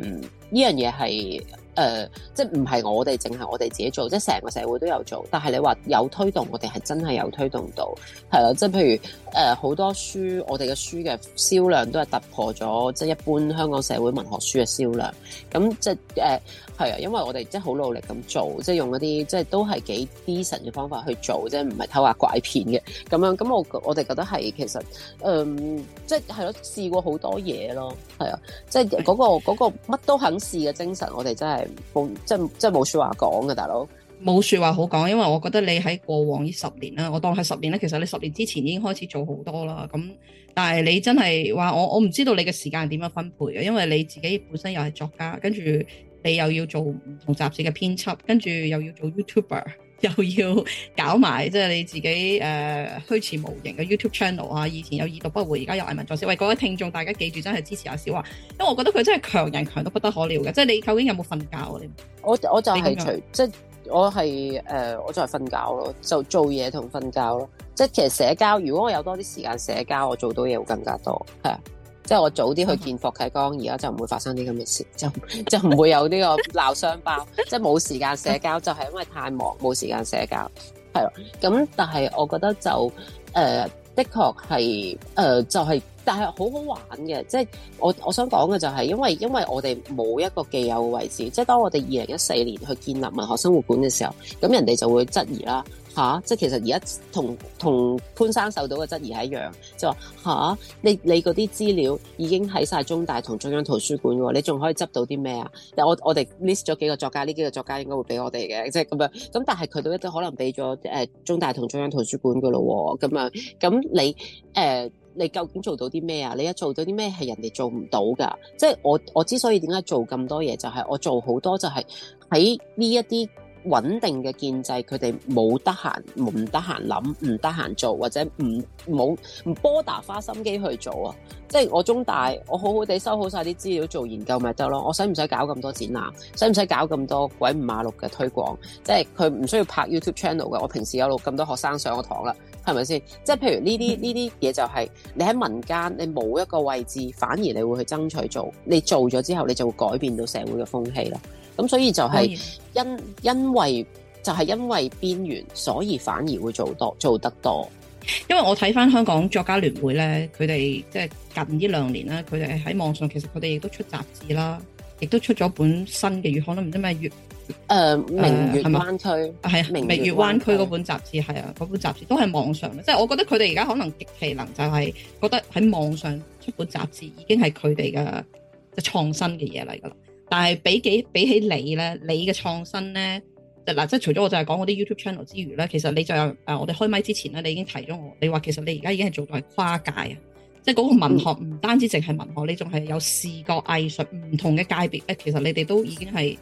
樣嘢係。誒、呃，即係唔係我哋淨係我哋自己做，即成個社會都有做。但係你話有推動，我哋係真係有推動到，係啊，即譬如誒，好、呃、多書我哋嘅書嘅銷量都係突破咗，即一般香港社會文學書嘅銷量。咁即係誒係啊，因為我哋即好努力咁做，即用嗰啲即都係幾 decent 嘅方法去做，即唔係偷下拐騙嘅咁樣。咁我我哋覺得係其實誒、呃、即係係咯，試過好多嘢咯，係啊，即係嗰、嗰個嗰乜、嗰個、都肯試嘅精神，我哋真係～冇，即係即係冇說話講噶大佬冇說話好講，因為我覺得你喺過往呢十年啦，我當係十年咧，其實你十年之前已經開始做好多啦。咁但係你真係話我，我唔知道你嘅時間係點樣分配嘅，因為你自己本身又係作家，跟住你又要做唔同雜誌嘅編輯，跟住又要做 YouTuber。又要搞埋，即、就、係、是、你自己誒、呃、虛詞無形嘅 YouTube channel 啊！以前有已讀不回，而家有藝文作小。喂，各位聽眾，大家記住，真係支持阿小樺啊！因為我覺得佢真係強人強到不得可了嘅，即、就、係、是、你究竟有冇瞓覺、啊？你我我就係除即係我係誒，我就係、是、瞓、呃、覺咯，就做嘢同瞓覺咯。即係其實社交，如果我有多啲時間社交，我做到嘢會更加多，係啊。即係我早啲去見霍啟剛，而家就唔會發生啲咁嘅事，就就唔會有呢個鬧雙胞， 即冇時間社交，就係、是、因為太忙冇時間社交，係咯。咁但係我覺得就誒、呃，的確係誒、呃，就係、是。但係好好玩嘅，即係我我想講嘅就係因為因為我哋冇一個既有嘅位置，即係當我哋二零一四年去建立文學生活館嘅時候，咁人哋就會質疑啦吓，即係其實而家同同潘生受到嘅質疑係一樣，就話吓，你你嗰啲資料已經喺晒中大同中央圖書館嘅，你仲可以執到啲咩啊？但我我哋 miss 咗幾個作家，呢幾個作家應該會俾我哋嘅，即係咁樣咁，但係佢都一都可能俾咗誒中大同中央圖書館嘅咯，咁樣咁你誒。呃你究竟做到啲咩啊？你一做到啲咩係人哋做唔到噶？即係我我之所以點解做咁多嘢，就係我做好多就係喺呢一啲穩定嘅建制，佢哋冇得閒，唔得閒諗，唔得閒做，或者唔冇唔波打花心機去做啊！即係我中大，我好好哋收好晒啲資料做研究咪得咯。我使唔使搞咁多展覽？使唔使搞咁多鬼五馬六嘅推廣？即係佢唔需要拍 YouTube channel 嘅。我平時有錄咁多學生上個堂啦。係咪先？即係譬如呢啲呢啲嘢， 呢啲嘢就係你喺民間，你冇一個位置，反而你會去爭取做。你做咗之後，你就會改變到社會嘅風氣咯。咁所以就係因然因，因為就係、是、因為邊緣，所以反而會做多做得多。因為我睇翻香港作家聯會呢，佢哋即係近呢兩年啦，佢哋喺網上其實佢哋亦都出雜誌啦，亦都出咗本新嘅月刊啦，唔知咩月。誒、呃，明月灣區係啊，是明月灣區嗰本雜誌係啊，嗰本雜誌都係網上，即、就、係、是、我覺得佢哋而家可能極其能就係覺得喺網上出本雜誌已經係佢哋嘅創新嘅嘢嚟噶啦。但係比幾比起你咧，你嘅創新咧，嗱、啊、即係除咗我就係講我啲 YouTube channel 之餘咧，其實你就有誒，我哋開麥之前咧，你已經提咗我，你話其實你而家已經係做到係跨界啊，即係嗰個文學唔單止淨係文學，嗯、你仲係有視覺藝術唔同嘅界別誒，其實你哋都已經係。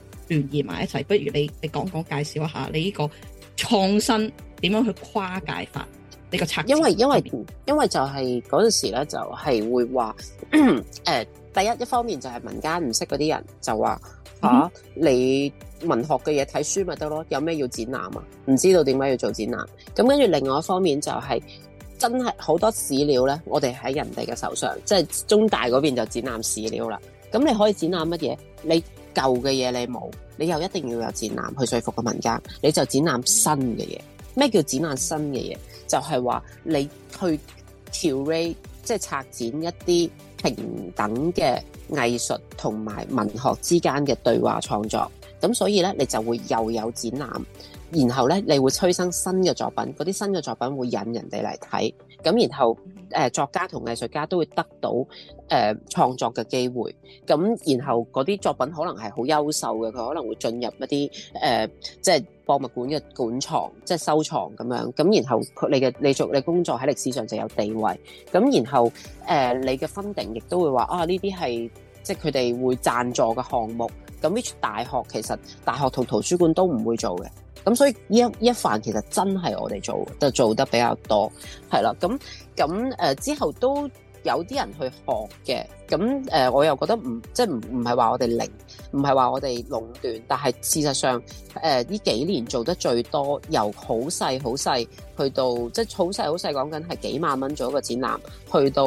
聯埋一齊，不如你你講講介紹一下你呢個創新點樣去跨界法呢、這個策因？因為因為因為就係嗰陣時咧，就係、是、會話誒、呃，第一一方面就係民間唔識嗰啲人，就話吓、啊、你文學嘅嘢睇書咪得咯，有咩要展覽啊？唔知道點解要做展覽。咁跟住另外一方面就係、是、真係好多史料咧，我哋喺人哋嘅手上，即、就、係、是、中大嗰邊就展覽史料啦。咁你可以展覽乜嘢？你？舊嘅嘢，你冇，你又一定要有展覽去說服個民間，你就展覽新嘅嘢。咩叫展覽新嘅嘢？就係、是、話你去調 r 即係展一啲平等嘅藝術同埋文學之間嘅對話創作。咁所以呢，你就會又有展覽，然後呢，你會催生新嘅作品。嗰啲新嘅作品會引人哋嚟睇。咁然後誒作家同藝術家都會得到誒創作嘅機會，咁然後嗰啲作品可能係好優秀嘅，佢可能會進入一啲誒即係博物館嘅館藏，即係收藏咁樣。咁然後佢你嘅你做你工作喺歷史上就有地位。咁然後誒你嘅 funding 亦都會話，啊呢啲係即係佢哋會贊助嘅項目。咁 which 大學其實大學同圖書館都唔會做嘅。咁所以呢一一範其實真係我哋做，就做得比較多，係啦。咁咁誒之後都有啲人去學嘅。咁誒、呃、我又覺得唔，即係唔唔係話我哋零，唔係話我哋壟斷。但係事實上，誒、呃、呢幾年做得最多，由好細好細去到，即係好細好細講緊係幾萬蚊做一個展覽，去到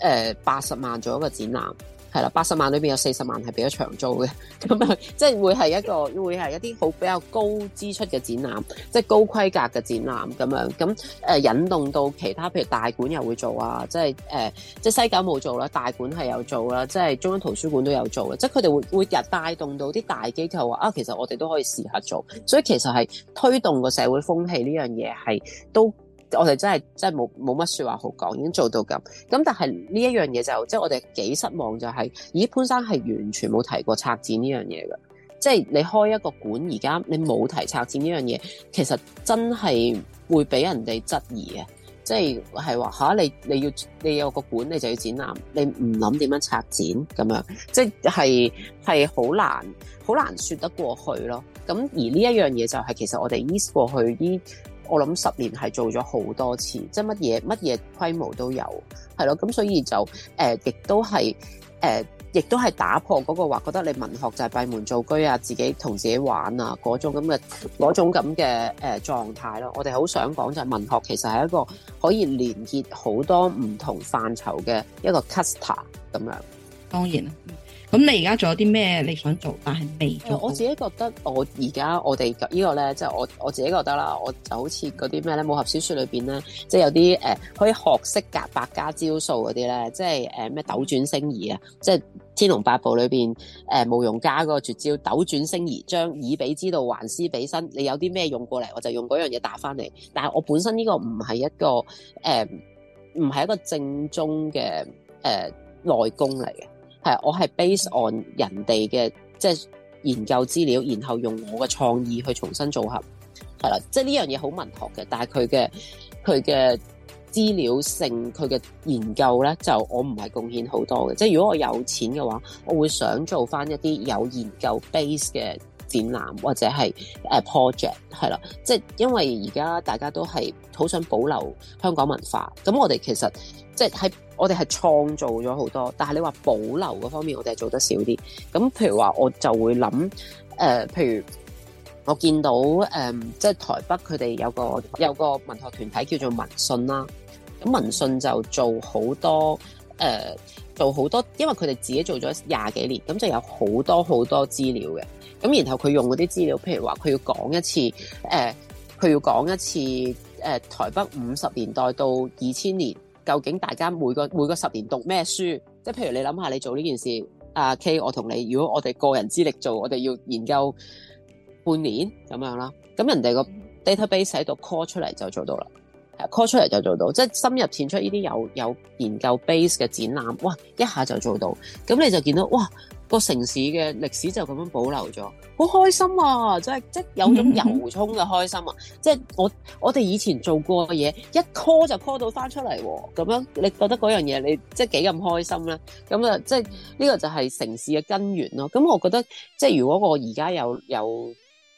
誒八十萬做一個展覽。係啦，八十萬裏邊有四十萬係俾咗長租嘅，咁啊，即係會係一個會係一啲好比較高支出嘅展覽，即係高規格嘅展覽咁樣，咁誒、呃、引動到其他譬如大館又會做啊，即係誒、呃，即係西九冇做啦，大館係有做啦，即係中央圖書館都有做，即係佢哋會會日帶動到啲大機構啊，其實我哋都可以試下做，所以其實係推動個社會風氣呢樣嘢係都。我哋真係真係冇冇乜說話好講，已經做到咁。咁但係呢一樣嘢就，即係我哋幾失望就係、是，咦潘生係完全冇提過策展呢樣嘢嘅。即係你開一個館，而家你冇提策展呢樣嘢，其實真係會俾人哋質疑是是說啊。即係係話吓你，你要你有個館，你就要展覽，你唔諗點樣策展咁樣，即係係好難，好難說得過去咯。咁而呢一樣嘢就係，其實我哋 miss 過去啲。我諗十年係做咗好多次，即係乜嘢乜嘢規模都有，係咯，咁所以就誒、呃，亦都係誒、呃，亦都係打破嗰個話，覺得你文學就係閉門造車啊，自己同自己玩啊，嗰種咁嘅嗰種咁嘅誒狀態咯。我哋好想講就係文學其實係一個可以連結好多唔同範疇嘅一個 cluster 咁樣。當然。咁你而家仲有啲咩你想做，但係未做？我自己覺得我而家我哋呢個咧，即係我我自己覺得啦，我就好似嗰啲咩咧，武俠小說裏邊咧，即係有啲誒，可以學識夾百家招數嗰啲咧，即係誒咩斗轉星移啊，即係天龍八部裏邊誒慕容家嗰個絕招斗轉星移，將以彼之道還施彼身，你有啲咩用過嚟，我就用嗰樣嘢打翻嚟。但係我本身呢個唔係一個誒唔係一個正宗嘅誒內功嚟嘅。係，我係 base on 人哋嘅即係研究資料，然後用我嘅創意去重新組合，係啦。即係呢樣嘢好文學嘅，但係佢嘅佢嘅資料性，佢嘅研究呢，就我唔係貢獻好多嘅。即係如果我有錢嘅話，我會想做翻一啲有研究 base 嘅。展覽或者係誒 project 係啦，即係因為而家大家都係好想保留香港文化，咁我哋其實即係喺我哋係創造咗好多，但係你話保留嗰方面，我哋係做得少啲。咁譬如話，我就會諗誒，譬如我見到誒，即係台北佢哋有個有個文學團體叫做文信啦，咁文信就做好多誒做好多，因為佢哋自己做咗廿幾年，咁就有好多好多資料嘅。咁然後佢用嗰啲資料，譬如話佢要講一次，佢、呃、要講一次，呃、台北五十年代到二千年，究竟大家每個每個十年讀咩書？即係譬如你諗下，你做呢件事，阿、啊、K，我同你，如果我哋個人資歷做，我哋要研究半年咁樣啦。咁人哋個 database 喺度 call 出嚟就做到啦、啊、，call 出嚟就做到，即係深入淺出呢啲有有研究 base 嘅展覽，哇！一下就做到，咁你就見到哇！個城市嘅歷史就咁樣保留咗，好開心啊！即係即係有種油葱嘅開心啊！即係、嗯、哼我我哋以前做過嘅嘢，一 call 就 call 到翻出嚟，咁樣你覺得嗰樣嘢你即係幾咁開心咧？咁啊，即係呢個就係城市嘅根源咯。咁我覺得即係、就是、如果我而家有有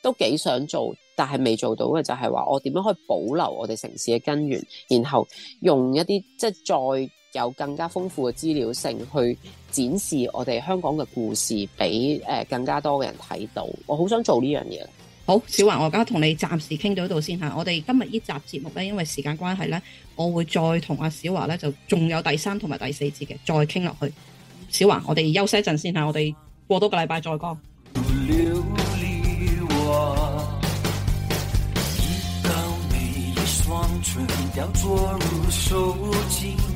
都幾想做，但係未做到嘅就係話，我點樣可以保留我哋城市嘅根源，然後用一啲即係再。有更加豐富嘅資料性去展示我哋香港嘅故事俾誒、呃、更加多嘅人睇到，我好想做呢樣嘢。好，小樺，我而家同你暫時傾到呢度先吓。我哋今日呢集節目咧，因為時間關係咧，我會再同阿小樺咧就仲有第三同埋第四節嘅再傾落去。小樺，我哋休息一陣先吓，我哋過多個禮拜再講。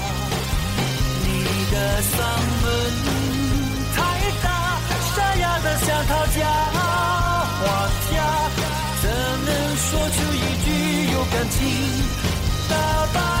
這嗓門太大，沙啞的想討價還價，怎能說出一句有感情的吧